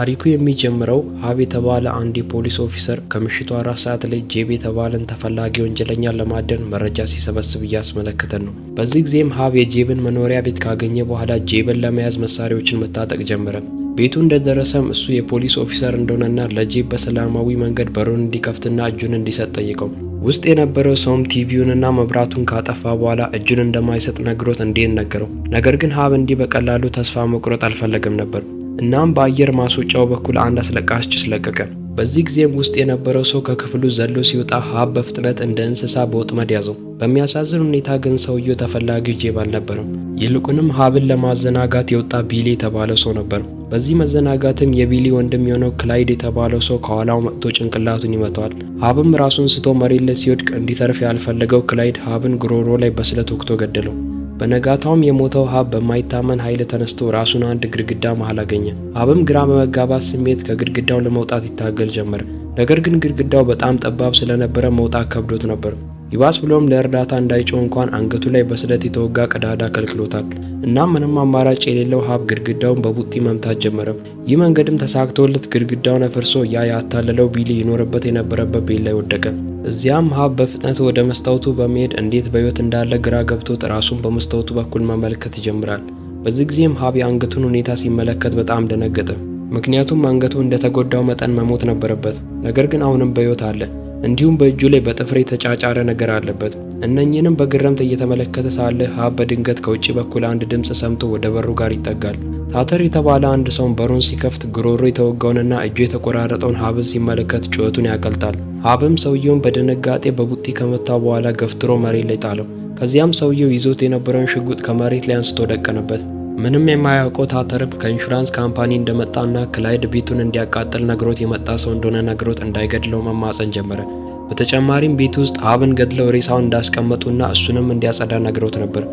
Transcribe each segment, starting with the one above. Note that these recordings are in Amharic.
ታሪኩ የሚጀምረው ሀብ የተባለ አንድ የፖሊስ ኦፊሰር ከምሽቱ አራት ሰዓት ላይ ጄብ የተባለን ተፈላጊ ወንጀለኛ ለማደን መረጃ ሲሰበስብ እያስመለከተን ነው። በዚህ ጊዜም ሀብ የጄብን መኖሪያ ቤት ካገኘ በኋላ ጄብን ለመያዝ መሳሪያዎችን መታጠቅ ጀመረ። ቤቱ እንደደረሰም እሱ የፖሊስ ኦፊሰር እንደሆነና ለጄብ በሰላማዊ መንገድ በሩን እንዲከፍትና እጁን እንዲሰጥ ጠይቀው፣ ውስጥ የነበረው ሰውም ቲቪውንና መብራቱን ካጠፋ በኋላ እጁን እንደማይሰጥ ነግሮት እንዲሄድ ነገረው። ነገር ግን ሀብ እንዲህ በቀላሉ ተስፋ መቁረጥ አልፈለገም ነበር። እናም በአየር ማስወጫው በኩል አንድ አስለቃሽ ጭስ ለቀቀ። በዚህ ጊዜም ውስጥ የነበረው ሰው ከክፍሉ ዘሎ ሲወጣ ሀብ በፍጥነት እንደ እንስሳ በወጥመድ ያዘው። በሚያሳዝን ሁኔታ ግን ሰውየው ተፈላጊ ጄብ አልነበረም። ይልቁንም ሀብን ለማዘናጋት የወጣ ቢሊ የተባለ ሰው ነበር። በዚህ መዘናጋትም የቢሊ ወንድም የሆነው ክላይድ የተባለው ሰው ከኋላው መጥቶ ጭንቅላቱን ይመታዋል። ሀብም ራሱን ስቶ መሬት ላይ ሲወድቅ እንዲተርፍ ያልፈለገው ክላይድ ሀብን ጉሮሮ ላይ በስለት ወቅቶ ገደለው። በነጋታውም የሞተው ሀብ በማይታመን ኃይል ተነስቶ ራሱን አንድ ግድግዳ መሃል አገኘ። ሀብም ግራ በመጋባት ስሜት ከግድግዳው ለመውጣት ይታገል ጀመር። ነገር ግን ግድግዳው በጣም ጠባብ ስለነበረ መውጣት ከብዶት ነበር። ይባስ ብሎም ለእርዳታ እንዳይጮህ እንኳን አንገቱ ላይ በስለት የተወጋ ቀዳዳ ከልክሎታል። እናም ምንም አማራጭ የሌለው ሀብ ግድግዳውን በቡጢ መምታት ጀመረ። ይህ መንገድም ተሳክቶለት ግድግዳውን አፍርሶ ያ ያታለለው ቢሊ ይኖርበት የነበረበት ቤት ላይ ወደቀ። እዚያም ሀብ በፍጥነት ወደ መስታወቱ በመሄድ እንዴት በሕይወት እንዳለ ግራ ገብቶት ራሱን በመስታወቱ በኩል መመልከት ይጀምራል። በዚህ ጊዜም ሀብ የአንገቱን ሁኔታ ሲመለከት በጣም ደነገጠ። ምክንያቱም አንገቱ እንደተጎዳው መጠን መሞት ነበረበት። ነገር ግን አሁንም በሕይወት አለ። እንዲሁም በእጁ ላይ በጥፍር የተጫጫረ ነገር አለበት። እነኚህንም በግረምት እየተመለከተ ሳለ ሀብ በድንገት ከውጭ በኩል አንድ ድምፅ ሰምቶ ወደ በሩ ጋር ይጠጋል። ታተር የተባለ አንድ ሰውን በሩን ሲከፍት ግሮሮ የተወጋውንና እጁ የተቆራረጠውን ሀብን ሲመለከት ጩኸቱን ያቀልጣል። ሀብም ሰውየውን በድንጋጤ በቡጢ ከመታ በኋላ ገፍትሮ መሬት ላይ ጣለው። ከዚያም ሰውየው ይዞት የነበረውን ሽጉጥ ከመሬት ላይ አንስቶ ደቀነበት። ምንም የማያውቀው ታተርብ ከኢንሹራንስ ካምፓኒ እንደመጣና ክላይድ ቤቱን እንዲያቃጥል ነግሮት የመጣ ሰው እንደሆነ ነግሮት እንዳይገድለው መማፀን ጀመረ። በተጨማሪም ቤት ውስጥ ሀብን ገድለው ሬሳውን እንዳስቀመጡና እሱንም እንዲያጸዳ ነግሮት ነበር።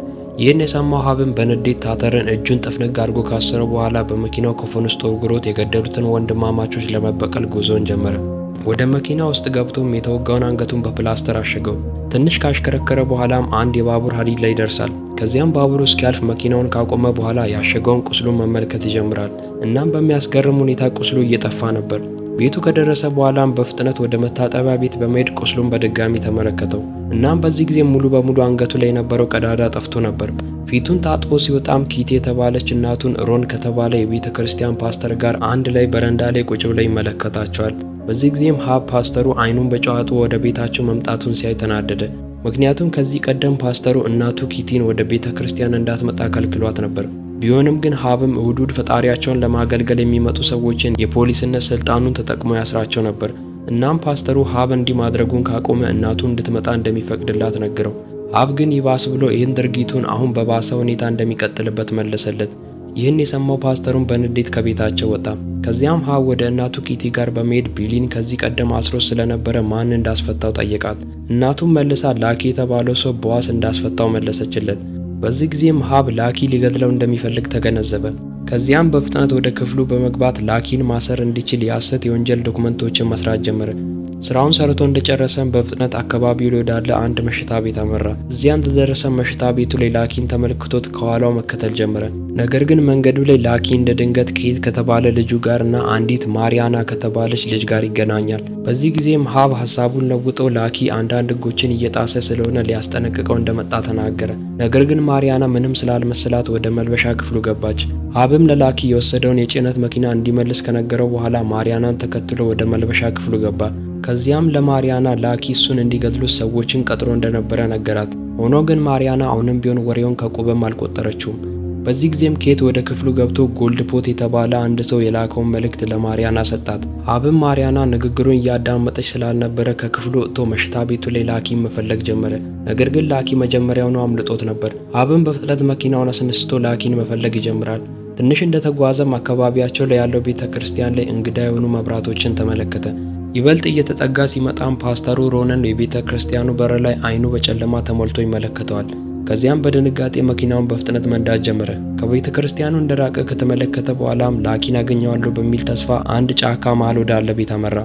ይህን የሰማው ሀብን በንዴት ታተርን እጁን ጥፍንግ አድርጎ ካሰረው በኋላ በመኪናው ክፉን ውስጥ ወርውሮት የገደሉትን ወንድማማቾች ለመበቀል ጉዞን ጀመረ። ወደ መኪና ውስጥ ገብቶም የተወጋውን አንገቱን በፕላስተር አሸገው። ትንሽ ካሽከረከረ በኋላም አንድ የባቡር ሀዲድ ላይ ይደርሳል። ከዚያም ባቡሩ እስኪያልፍ መኪናውን ካቆመ በኋላ ያሸገውን ቁስሉን መመልከት ይጀምራል። እናም በሚያስገርም ሁኔታ ቁስሉ እየጠፋ ነበር። ቤቱ ከደረሰ በኋላም በፍጥነት ወደ መታጠቢያ ቤት በመሄድ ቁስሉን በድጋሚ ተመለከተው። እናም በዚህ ጊዜ ሙሉ በሙሉ አንገቱ ላይ የነበረው ቀዳዳ ጠፍቶ ነበር። ፊቱን ታጥቦ ሲወጣም ኪቲ የተባለች እናቱን ሮን ከተባለ የቤተ ክርስቲያን ፓስተር ጋር አንድ ላይ በረንዳ ላይ ቁጭ ብለው ይመለከታቸዋል። በዚህ ጊዜም ሀብ ፓስተሩ አይኑን በጨዋቱ ወደ ቤታቸው መምጣቱን ሲያይ ተናደደ። ምክንያቱም ከዚህ ቀደም ፓስተሩ እናቱ ኪቲን ወደ ቤተ ክርስቲያን እንዳትመጣ ከልክሏት ነበር። ቢሆንም ግን ሀብም እሁድ ፈጣሪያቸውን ለማገልገል የሚመጡ ሰዎችን የፖሊስነት ስልጣኑን ተጠቅሞ ያስራቸው ነበር። እናም ፓስተሩ ሀብ እንዲህ ማድረጉን ካቆመ እናቱ እንድትመጣ እንደሚፈቅድላት ነግረው፣ ሀብ ግን ይባስ ብሎ ይህን ድርጊቱን አሁን በባሰ ሁኔታ እንደሚቀጥልበት መለሰለት። ይህን የሰማው ፓስተሩን በንዴት ከቤታቸው ወጣ። ከዚያም ሀ ወደ እናቱ ኪቲ ጋር በመሄድ ቢሊን ከዚህ ቀደም አስሮ ስለነበረ ማን እንዳስፈታው ጠየቃት። እናቱም መልሳ ላኪ የተባለው ሰው በዋስ እንዳስፈታው መለሰችለት። በዚህ ጊዜም ሀብ ላኪ ሊገድለው እንደሚፈልግ ተገነዘበ። ከዚያም በፍጥነት ወደ ክፍሉ በመግባት ላኪን ማሰር እንዲችል የሐሰት የወንጀል ዶክመንቶችን መስራት ጀመረ። ስራውን ሰርቶ እንደጨረሰን በፍጥነት አካባቢው ወዳለ አንድ መሸታ ቤት አመራ። እዚያ እንደደረሰን መሸታ ቤቱ ላይ ላኪን ተመልክቶት ከኋላው መከተል ጀመረ። ነገር ግን መንገዱ ላይ ላኪ እንደ ድንገት ከሄድ ከተባለ ልጁ ጋር እና አንዲት ማሪያና ከተባለች ልጅ ጋር ይገናኛል። በዚህ ጊዜም ሀብ ሀሳቡን ለውጦ ላኪ አንዳንድ ህጎችን እየጣሰ ስለሆነ ሊያስጠነቅቀው እንደመጣ ተናገረ። ነገር ግን ማሪያና ምንም ስላልመሰላት ወደ መልበሻ ክፍሉ ገባች። ሀብም ለላኪ የወሰደውን የጭነት መኪና እንዲመልስ ከነገረው በኋላ ማሪያናን ተከትሎ ወደ መልበሻ ክፍሉ ገባ። ከዚያም ለማሪያና ላኪ እሱን እንዲገድሉ ሰዎችን ቀጥሮ እንደነበረ ነገራት። ሆኖ ግን ማሪያና አሁንም ቢሆን ወሬውን ከቁብም አልቆጠረችውም። በዚህ ጊዜም ኬት ወደ ክፍሉ ገብቶ ጎልድ ፖት የተባለ አንድ ሰው የላከውን መልእክት ለማሪያና ሰጣት። አብም ማርያና ንግግሩን እያዳመጠች ስላልነበረ ከክፍሉ ወጥቶ መሽታ ቤቱ ላይ ላኪ መፈለግ ጀመረ። ነገር ግን ላኪ መጀመሪያውኑ አምልጦት ነበር። አብም በፍጥነት መኪናውን አስነስቶ ላኪን መፈለግ ይጀምራል። ትንሽ እንደተጓዘም አካባቢያቸው ላይ ያለው ቤተ ክርስቲያን ላይ እንግዳ የሆኑ መብራቶችን ተመለከተ። ይበልጥ እየተጠጋ ሲመጣም ፓስተሩ ሮነን የቤተ ክርስቲያኑ በር ላይ አይኑ በጨለማ ተሞልቶ ይመለከተዋል። ከዚያም በድንጋጤ መኪናውን በፍጥነት መንዳት ጀመረ። ከቤተ ክርስቲያኑ እንደራቀ ከተመለከተ በኋላም ላኪን አገኘዋለሁ በሚል ተስፋ አንድ ጫካ መሃል ወዳለ ቤት አመራ።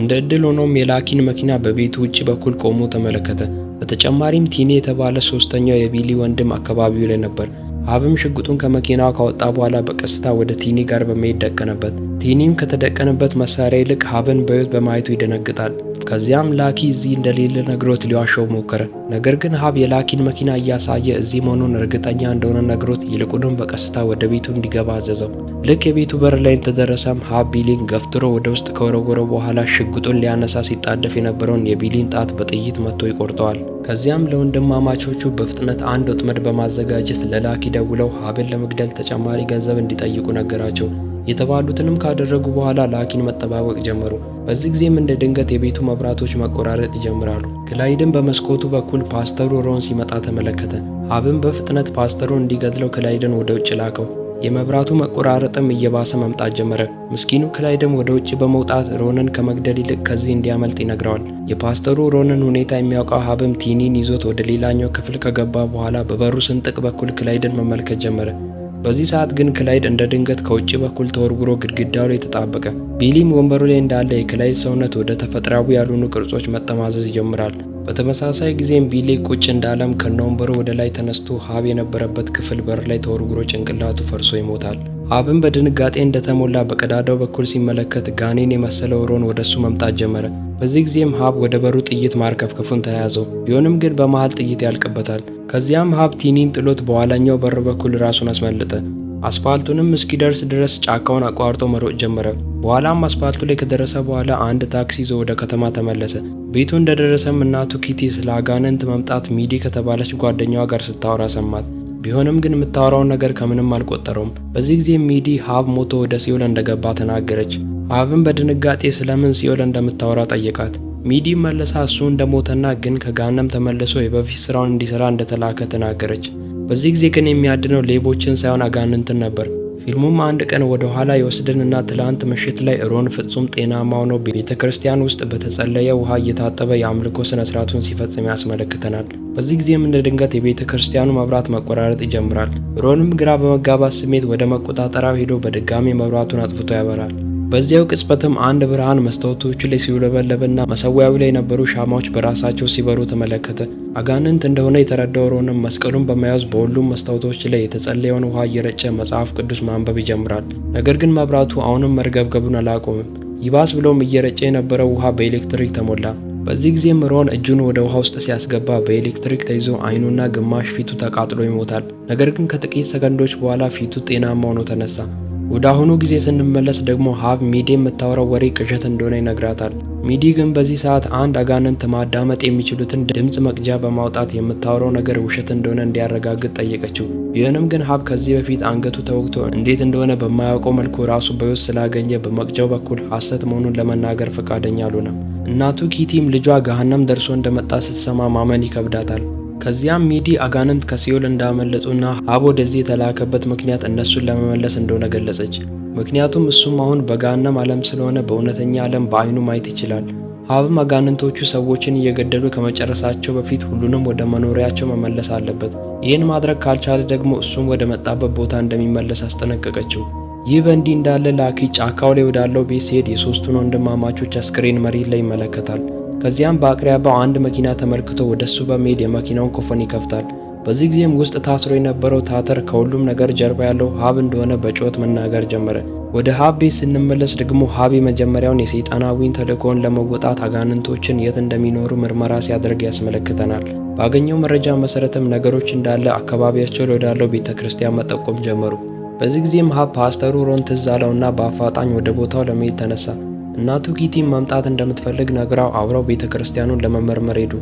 እንደ እድል ሆኖም የላኪን መኪና በቤቱ ውጭ በኩል ቆሞ ተመለከተ። በተጨማሪም ቲኒ የተባለ ሶስተኛው የቢሊ ወንድም አካባቢው ላይ ነበር። አብም ሽጉጡን ከመኪናዋ ካወጣ በኋላ በቀስታ ወደ ቲኒ ጋር በመሄድ ደቀነበት። ቲኒም ከተደቀነበት መሳሪያ ይልቅ ሀብን በሕይወት በማየቱ ይደነግጣል። ከዚያም ላኪ እዚህ እንደሌለ ነግሮት ሊዋሸው ሞከረ። ነገር ግን ሀብ የላኪን መኪና እያሳየ እዚህ መሆኑን እርግጠኛ እንደሆነ ነግሮት ይልቁንም በቀስታ ወደ ቤቱ እንዲገባ አዘዘው። ልክ የቤቱ በር ላይ እንደደረሰም ሀብ ቢሊን ገፍትሮ ወደ ውስጥ ከወረወረ በኋላ ሽጉጡን ሊያነሳ ሲጣደፍ የነበረውን የቢሊን ጣት በጥይት መጥቶ ይቆርጠዋል። ከዚያም ለወንድማማቾቹ በፍጥነት አንድ ወጥመድ በማዘጋጀት ለላኪ ደውለው ሀብን ለመግደል ተጨማሪ ገንዘብ እንዲጠይቁ ነገራቸው። የተባሉትንም ካደረጉ በኋላ ላኪን መጠባበቅ ጀመሩ። በዚህ ጊዜም እንደ ድንገት የቤቱ መብራቶች መቆራረጥ ይጀምራሉ። ክላይድን በመስኮቱ በኩል ፓስተሩ ሮን ሲመጣ ተመለከተ። ሀብም በፍጥነት ፓስተሩን እንዲገድለው ክላይድን ወደ ውጭ ላከው። የመብራቱ መቆራረጥም እየባሰ መምጣት ጀመረ። ምስኪኑ ክላይድም ወደ ውጭ በመውጣት ሮንን ከመግደል ይልቅ ከዚህ እንዲያመልጥ ይነግረዋል። የፓስተሩ ሮንን ሁኔታ የሚያውቀው ሀብም ቲኒን ይዞት ወደ ሌላኛው ክፍል ከገባ በኋላ በበሩ ስንጥቅ በኩል ክላይድን መመልከት ጀመረ። በዚህ ሰዓት ግን ክላይድ እንደ ድንገት ከውጭ በኩል ተወርጉሮ ግድግዳው ላይ ተጣበቀ። ቢሊም ወንበሩ ላይ እንዳለ የክላይድ ሰውነት ወደ ተፈጥሯዊ ያልሆኑ ቅርጾች መጠማዘዝ ይጀምራል። በተመሳሳይ ጊዜም ቢሊ ቁጭ እንዳለም ከነወንበሩ ወደ ላይ ተነስቶ ሀብ የነበረበት ክፍል በር ላይ ተወርጉሮ ጭንቅላቱ ፈርሶ ይሞታል። አብን በድንጋጤ እንደተሞላ በቀዳዳው በኩል ሲመለከት ጋኔን የመሰለ ሮን ወደ እሱ መምጣት ጀመረ። በዚህ ጊዜም ሀብ ወደ በሩ ጥይት ማርከፍከፉን ተያያዘው። ቢሆንም ግን በመሃል ጥይት ያልቅበታል። ከዚያም ሀብ ቲኒን ጥሎት በኋላኛው በር በኩል ራሱን አስመለጠ። አስፋልቱንም እስኪደርስ ድረስ ጫካውን አቋርጦ መሮጥ ጀመረ። በኋላም አስፋልቱ ላይ ከደረሰ በኋላ አንድ ታክሲ ይዞ ወደ ከተማ ተመለሰ። ቤቱ እንደደረሰም እናቱ ኪቲ ስለ አጋንንት መምጣት ሚዲ ከተባለች ጓደኛዋ ጋር ስታወራ ሰማት። ቢሆንም ግን የምታወራውን ነገር ከምንም አልቆጠረውም። በዚህ ጊዜ ሚዲ ሀብ ሞቶ ወደ ሲኦል እንደገባ ተናገረች። ሀብን በድንጋጤ ስለምን ሲኦል እንደምታወራ ጠየቃት። ሚዲ መለሳ እሱ እንደሞተና ግን ከጋነም ተመልሶ የበፊት ስራውን እንዲሰራ እንደተላከ ተናገረች። በዚህ ጊዜ ግን የሚያድነው ሌቦችን ሳይሆን አጋንንትን ነበር። ፊልሙም አንድ ቀን ወደ ኋላ የወስድንና ትላንት ምሽት ላይ ሮን ፍጹም ጤናማ ሆኖ ቤተ ክርስቲያን ውስጥ በተጸለየ ውሃ እየታጠበ የአምልኮ ስነ ስርዓቱን ሲፈጽም ያስመለክተናል። በዚህ ጊዜም እንደ ድንገት የቤተ ክርስቲያኑ መብራት መቆራረጥ ይጀምራል። ሮንም ግራ በመጋባት ስሜት ወደ መቆጣጠሪያው ሄዶ በድጋሚ መብራቱን አጥፍቶ ያበራል። በዚያው ቅጽበትም አንድ ብርሃን መስታወቶቹ ላይ ሲውለበለብና መሰዊያው ላይ የነበሩ ሻማዎች በራሳቸው ሲበሩ ተመለከተ። አጋንንት እንደሆነ የተረዳው ሮንም መስቀሉን በመያዝ በሁሉም መስታወቶች ላይ የተጸለየውን ውሃ እየረጨ መጽሐፍ ቅዱስ ማንበብ ይጀምራል። ነገር ግን መብራቱ አሁንም መርገብገቡን አላቆምም። ይባስ ብሎም እየረጨ የነበረው ውሃ በኤሌክትሪክ ተሞላ። በዚህ ጊዜም ሮን እጁን ወደ ውሃ ውስጥ ሲያስገባ በኤሌክትሪክ ተይዞ አይኑና ግማሽ ፊቱ ተቃጥሎ ይሞታል። ነገር ግን ከጥቂት ሰከንዶች በኋላ ፊቱ ጤናማ ሆኖ ተነሳ። ወደ አሁኑ ጊዜ ስንመለስ ደግሞ ሀብ ሚዲ የምታወራው ወሬ ቅዠት እንደሆነ ይነግራታል። ሚዲ ግን በዚህ ሰዓት አንድ አጋንንት ማዳመጥ የሚችሉትን ድምፅ መቅጃ በማውጣት የምታወራው ነገር ውሸት እንደሆነ እንዲያረጋግጥ ጠየቀችው። ይህንም ግን ሀብ ከዚህ በፊት አንገቱ ተወግቶ እንዴት እንደሆነ በማያውቀው መልኩ ራሱ በሕይወት ስላገኘ በመቅጃው በኩል ሐሰት መሆኑን ለመናገር ፈቃደኛ አልሆነም። እናቱ ኪቲም ልጇ ገሃነም ደርሶ እንደመጣ ስትሰማ ማመን ይከብዳታል። ከዚያም ሚዲ አጋንንት ከሲኦል እንዳመለጡና አብ ወደዚህ የተላከበት ምክንያት እነሱን ለመመለስ እንደሆነ ገለጸች። ምክንያቱም እሱም አሁን በጋነም ዓለም ስለሆነ በእውነተኛ ዓለም በአይኑ ማየት ይችላል። አብም አጋንንቶቹ ሰዎችን እየገደሉ ከመጨረሳቸው በፊት ሁሉንም ወደ መኖሪያቸው መመለስ አለበት። ይህን ማድረግ ካልቻለ ደግሞ እሱም ወደ መጣበት ቦታ እንደሚመለስ አስጠነቀቀችው። ይህ በእንዲህ እንዳለ ላኪ ጫካው ላይ ወዳለው ቤት ሲሄድ የሶስቱን ወንድማማቾች አስክሬን መሬት ላይ ይመለከታል። ከዚያም በአቅራቢያው አንድ መኪና ተመልክቶ ወደ እሱ በመሄድ የመኪናውን ኮፈን ይከፍታል። በዚህ ጊዜም ውስጥ ታስሮ የነበረው ታተር ከሁሉም ነገር ጀርባ ያለው ሀብ እንደሆነ በጩኸት መናገር ጀመረ። ወደ ሀብ ቤት ስንመለስ ደግሞ ሀብ የመጀመሪያውን የሰይጣናዊን ተልእኮውን ለመወጣት አጋንንቶችን የት እንደሚኖሩ ምርመራ ሲያደርግ ያስመለክተናል። ባገኘው መረጃ መሰረትም ነገሮች እንዳለ አካባቢያቸው ወዳለው ቤተ ክርስቲያን መጠቆም ጀመሩ። በዚህ ጊዜም ሀብ ፓስተሩ ሮን ትዝ አለውና በአፋጣኝ ወደ ቦታው ለመሄድ ተነሳ። እናቱ ጊቲን መምጣት እንደምትፈልግ ነግራው አብረው ቤተ ክርስቲያኑን ለመመርመር ሄዱ።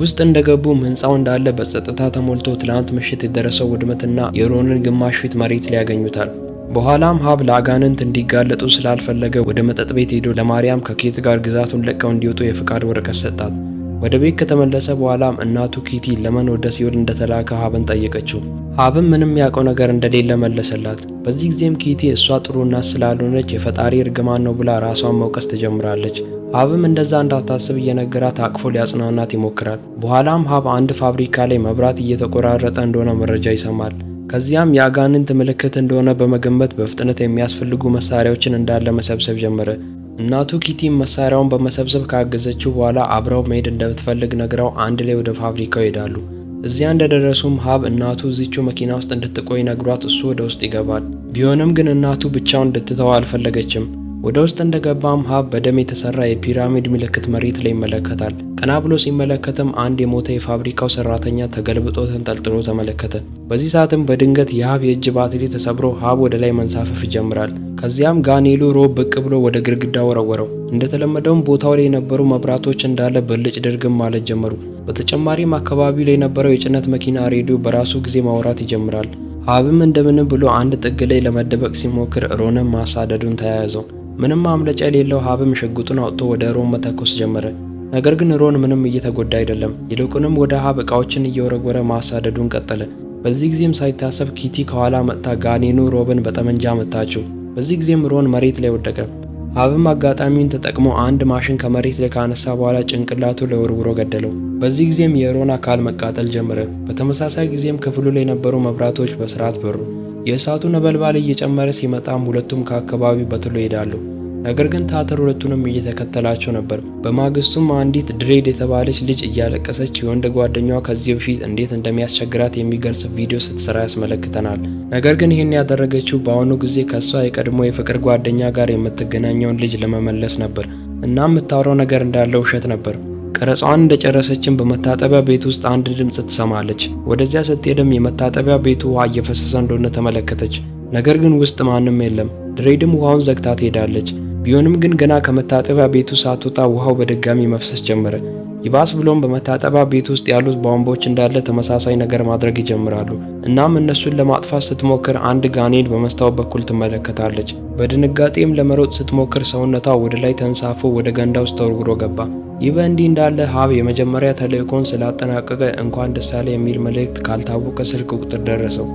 ውስጥ እንደገቡም ህንፃው እንዳለ በጸጥታ ተሞልቶ ትላንት ምሽት የደረሰው ውድመትና የሮንን ግማሽ ፊት መሬት ላይ ያገኙታል። በኋላም ሀብ ለአጋንንት እንዲጋለጡ ስላልፈለገ ወደ መጠጥ ቤት ሄዶ ለማርያም ከኬት ጋር ግዛቱን ለቀው እንዲወጡ የፍቃድ ወረቀት ሰጣት። ወደ ቤት ከተመለሰ በኋላም እናቱ ኪቲ ለመን ወደ ሲኦል እንደተላከ ሀብን ጠየቀችው። ሀብም ምንም ያውቀው ነገር እንደሌለ መለሰላት። በዚህ ጊዜም ኪቲ እሷ ጥሩ እናት ስላልሆነች የፈጣሪ እርግማን ነው ብላ ራሷን መውቀስ ትጀምራለች። ሀብም እንደዛ እንዳታስብ እየነገራት አቅፎ ሊያጽናናት ይሞክራል። በኋላም ሀብ አንድ ፋብሪካ ላይ መብራት እየተቆራረጠ እንደሆነ መረጃ ይሰማል። ከዚያም የአጋንንት ምልክት እንደሆነ በመገንበት በፍጥነት የሚያስፈልጉ መሳሪያዎችን እንዳለ መሰብሰብ ጀመረ። እናቱ ኪቲም መሳሪያውን በመሰብሰብ ካገዘችው በኋላ አብረው መሄድ እንደምትፈልግ ነግረው አንድ ላይ ወደ ፋብሪካው ይሄዳሉ። እዚያ እንደደረሱም ሀብ እናቱ እዚቹ መኪና ውስጥ እንድትቆይ ነግሯት እሱ ወደ ውስጥ ይገባል። ቢሆንም ግን እናቱ ብቻውን እንድትተው አልፈለገችም። ወደ ውስጥ እንደገባም ሀብ በደም የተሰራ የፒራሚድ ምልክት መሬት ላይ ይመለከታል። ቀና ብሎ ሲመለከትም አንድ የሞተ የፋብሪካው ሰራተኛ ተገልብጦ ተንጠልጥሎ ተመለከተ። በዚህ ሰዓትም በድንገት የሀብ የእጅ ባትሪ ተሰብሮ ሀብ ወደ ላይ መንሳፈፍ ይጀምራል። ከዚያም ጋኔሉ ሮብ ብቅ ብሎ ወደ ግድግዳ ወረወረው። እንደተለመደውም ቦታው ላይ የነበሩ መብራቶች እንዳለ ብልጭ ድርግም ማለት ጀመሩ። በተጨማሪም አካባቢው ላይ የነበረው የጭነት መኪና ሬዲዮ በራሱ ጊዜ ማውራት ይጀምራል። ሀብም እንደምንም ብሎ አንድ ጥግ ላይ ለመደበቅ ሲሞክር ሮንም ማሳደዱን ተያያዘው። ምንም ማምለጫ የሌለው ሀብም ሽጉጡን አውጥቶ ወደ ሮም መተኮስ ጀመረ። ነገር ግን ሮን ምንም እየተጎዳ አይደለም። ይልቁንም ወደ ሀብ እቃዎችን እየወረወረ ማሳደዱን ቀጠለ። በዚህ ጊዜም ሳይታሰብ ኪቲ ከኋላ መጥታ ጋኔኑ ሮብን በጠመንጃ መታችው። በዚህ ጊዜም ሮን መሬት ላይ ወደቀ። ሀብም አጋጣሚውን ተጠቅሞ አንድ ማሽን ከመሬት ላይ ካነሳ በኋላ ጭንቅላቱ ላይ ወርውሮ ገደለው። በዚህ ጊዜም የሮን አካል መቃጠል ጀመረ። በተመሳሳይ ጊዜም ክፍሉ ላይ የነበሩ መብራቶች በስርዓት በሩ። የእሳቱ ነበልባል እየጨመረ ሲመጣም ሁለቱም ከአካባቢው በትሎ ይሄዳሉ። ነገር ግን ታተር ሁለቱንም እየተከተላቸው ነበር። በማግስቱም አንዲት ድሬድ የተባለች ልጅ እያለቀሰች የወንድ ጓደኛዋ ከዚህ በፊት እንዴት እንደሚያስቸግራት የሚገልጽ ቪዲዮ ስትሰራ ያስመለክተናል። ነገር ግን ይህን ያደረገችው በአሁኑ ጊዜ ከእሷ የቀድሞ የፍቅር ጓደኛ ጋር የምትገናኘውን ልጅ ለመመለስ ነበር እና የምታወራው ነገር እንዳለ ውሸት ነበር። ቀረጻዋን እንደጨረሰችን በመታጠቢያ ቤት ውስጥ አንድ ድምፅ ትሰማለች። ወደዚያ ስትሄድም የመታጠቢያ ቤቱ ውሃ እየፈሰሰ እንደሆነ ተመለከተች። ነገር ግን ውስጥ ማንም የለም። ድሬድም ውሃውን ዘግታ ትሄዳለች። ቢሆንም ግን ገና ከመታጠቢያ ቤቱ ሳትወጣ ውሃው በድጋሚ መፍሰስ ጀመረ። ይባስ ብሎም በመታጠቢያ ቤት ውስጥ ያሉት ቧንቧዎች እንዳለ ተመሳሳይ ነገር ማድረግ ይጀምራሉ። እናም እነሱን ለማጥፋት ስትሞክር አንድ ጋኔን በመስታወት በኩል ትመለከታለች። በድንጋጤም ለመሮጥ ስትሞክር ሰውነቷ ወደ ላይ ተንሳፎ ወደ ገንዳ ውስጥ ተወርውሮ ገባ። ይህ በእንዲህ እንዳለ ሀብ የመጀመሪያ ተልእኮን ስላጠናቀቀ እንኳን ደሳለ የሚል መልእክት ካልታወቀ ስልክ ቁጥር ደረሰው።